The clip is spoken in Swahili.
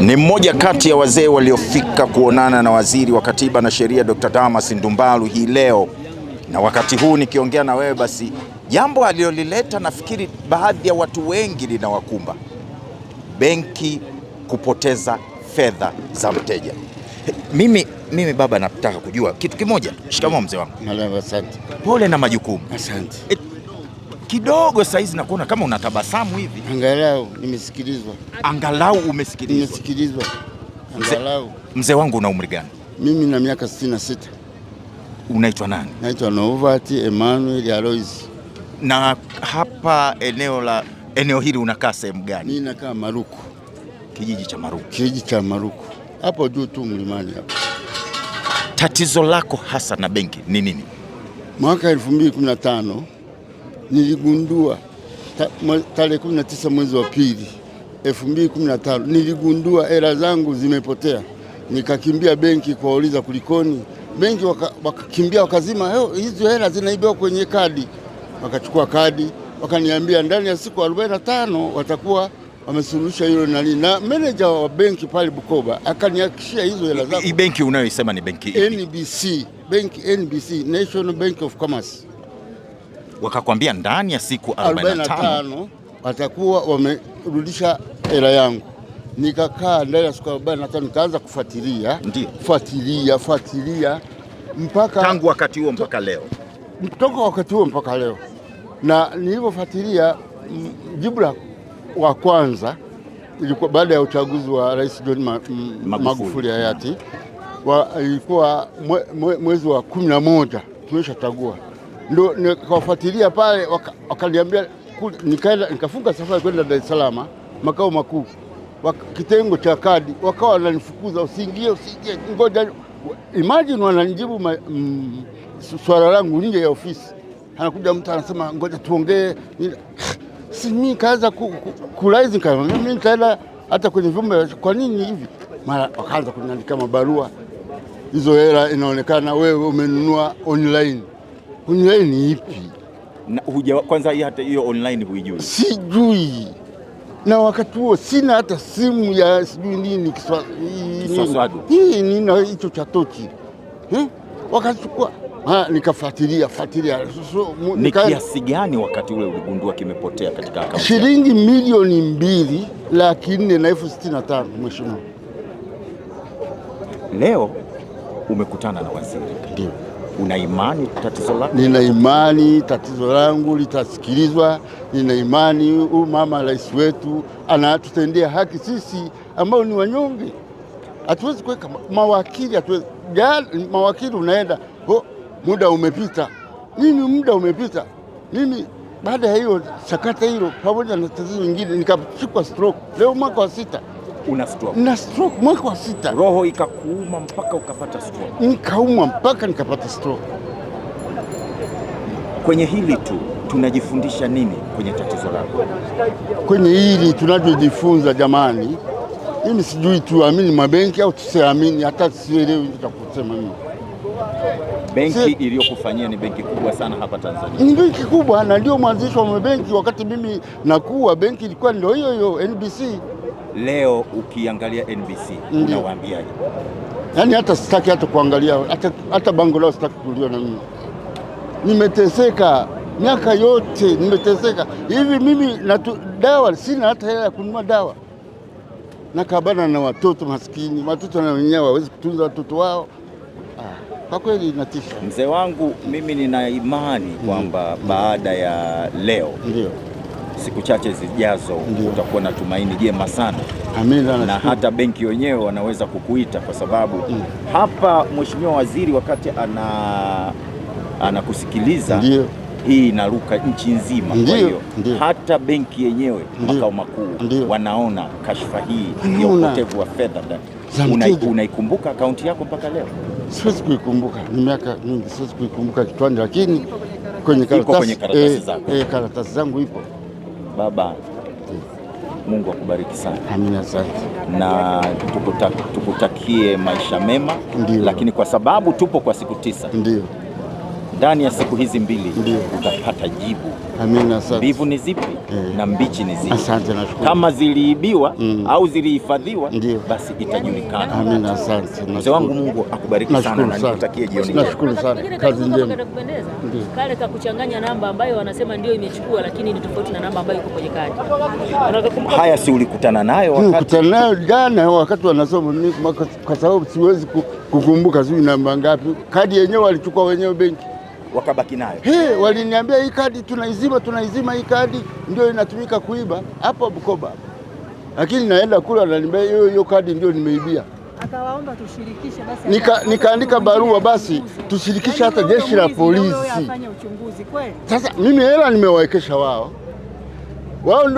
ni mmoja kati ya wazee waliofika kuonana na waziri wa katiba na sheria Dr. Damas Ndumbalu hii leo, na wakati huu nikiongea na wewe, basi jambo alilolileta nafikiri baadhi ya watu wengi linawakumba: benki kupoteza fedha za mteja. Mimi mimi baba, nataka kujua kitu kimoja. Shikamoo mzee wangu. Asante. Pole na majukumu. Asante. Eh, kidogo saizi nakuona kama unatabasamu hivi. Angalau nimesikilizwa, angalau umesikilizwa, nimesikilizwa angalau. Mzee wangu una umri gani? Mimi na miaka 66. Unaitwa nani? Naitwa Novati Emmanuel Alois. Na hapa eneo la eneo hili unakaa sehemu gani? Mimi nakaa Maruku, kijiji cha Maruku, kijiji cha Maruku hapo juu tu mlimani hapo. Tatizo lako hasa na benki ni nini? Mwaka 2015 niligundua tarehe 19 mwezi wa pili 2015 niligundua hela zangu zimepotea, nikakimbia benki kuwauliza kulikoni. Benki wakakimbia waka wakazima hizo hela zinaibiwa kwenye kadi, wakachukua kadi wakaniambia ndani ya siku 45 watakuwa wamesuluhisha hilo nani. Na meneja wa benki pale Bukoba akanihakikishia hizo hela zangu. Hii benki unayoisema ni benki NBC, benki NBC, National Bank of Commerce wakakwambia ndani ya siku 45 watakuwa wamerudisha hela yangu. Nikakaa ndani ya siku 45 nikaanza kufuatilia, kufuatilia fuatilia mpaka tangu wakati huo mpaka leo, toka wakati huo mpaka leo. Na nilivyofuatilia jibu la wa kwanza ilikuwa baada ya uchaguzi wa Rais John Magufuli hayati, ilikuwa mwezi mwe, wa kumi na moja tumeshachagua ndo nikawafuatilia pale, wakaniambia waka nikaenda, nikafunga safari kwenda Dar es Salaam makao makuu, kitengo cha kadi, wakawa wananifukuza usiingie, usiingie, ngoja. Imagine wananijibu mm, swala langu nje ya ofisi, anakuja mtu anasema ngoja tuongee. Si mimi kaanza kulaizi, mimi nitaenda hata kwenye vyumba, kwa nini hivi? Mara wakaanza kuniandika mabarua, hizo hela inaonekana wewe umenunua online online ni ipi? Na, huja, kwanza hata hiyo online huijui? Sijui, na wakati huo sina hata simu ya sijui nini kiswaswadu hii nina hicho cha tochi eh? wakachukua nikafuatilia fuatilia ni kiasi gani wakati ule uligundua kimepotea katika akaunti? Shilingi milioni mbili laki nne na elfu sitini na tano mheshimiwa. Leo umekutana na waziri ndio Una imani tatizo lako? Nina imani tatizo langu litasikilizwa. Nina imani huyu mama rais wetu anatutendea haki sisi ambao ni wanyonge. Hatuwezi kuweka mawakili, hatuwezi mawakili, unaenda oh, muda umepita nini, muda umepita mimi baada ya hiyo sakata hilo pamoja na tatizo lingine nikashikwa stroke leo mwaka wa sita una stroke. Na stroke mwaka wa sita, roho ikakuuma mpaka ukapata stroke. Nikaumwa mpaka nikapata stroke. Kwenye hili tu tunajifundisha nini kwenye tatizo lako? Kwenye hili tunachojifunza, jamani, mimi sijui tuamini mabenki au tusiamini, hata sielewi nitakusema nini. Benki iliyokufanyia ni benki kubwa sana hapa Tanzania, ni benki kubwa na ndio mwanzisho wa mabenki. Wakati mimi nakuwa benki ilikuwa ndio hiyo hiyo NBC leo ukiangalia NBC mm. unawaambiaje? Yaani hata sitaki hata kuangalia hata, hata bango lao sitaki kuliona mimi. Nimeteseka miaka yote nimeteseka hivi mimi natu, dawa sina hata hela ya kununua dawa, nakabana na watoto maskini, watoto na wenyewe hawawezi kutunza watoto wao. Ah, kwa kweli natisha mzee wangu. Mimi nina imani mm. kwamba mm, baada ya leo ndio siku chache zijazo utakuwa na tumaini jema sana. Amina, na hata benki wenyewe wanaweza kukuita kwa sababu mm. hapa Mheshimiwa Waziri wakati ana anakusikiliza hii inaruka nchi nzima. Kwa hiyo hata benki yenyewe makao makuu wanaona kashfa hii ya upotevu wa fedha unaikumbuka akaunti yako mpaka leo? Siwezi kuikumbuka, ni miaka mingi, siwezi kuikumbuka kichwani, lakini kwenye karatasi, kwenye karatasi, eh, eh, karatasi zangu ipo. Baba, Mungu akubariki sana. Amina, sana. Na tukutakie maisha mema. Ndiyo. Lakini kwa sababu tupo kwa siku tisa. Ndiyo ndani ya siku hizi mbili utapata jibu. Amina, asante. Mbivu ni zipi e, na mbichi ni zipi? Asante, nashukuru. Kama ziliibiwa mm, au zilihifadhiwa basi itajulikana. Amina, asante. Mzee wangu Mungu akubariki sana na nikutakie jioni Nashukuru sana. Kazi njema. Kale ka kuchanganya namba ambayo wanasema ndio imechukua lakini ni tofauti na namba ambayo iko kwenye kadi. Haya si ulikutana nayo wakati? Nilikutana nayo jana wakati wanasoma mimi kwa sababu siwezi kukumbuka sijui namba ngapi. Kadi yenyewe walichukua wenyewe benki wakabaki nayo. Hey, waliniambia hii kadi tunaizima, tunaizima hii kadi ndio inatumika kuiba hapo Bukoba, lakini naenda kule wananiambia hiyo hiyo kadi ndio nimeibia. Akawaomba tushirikishe basi, nika nikaandika barua basi tushirikishe hata yaani jeshi la polisi. Sasa mimi hela nimewawekesha wao, wao ndio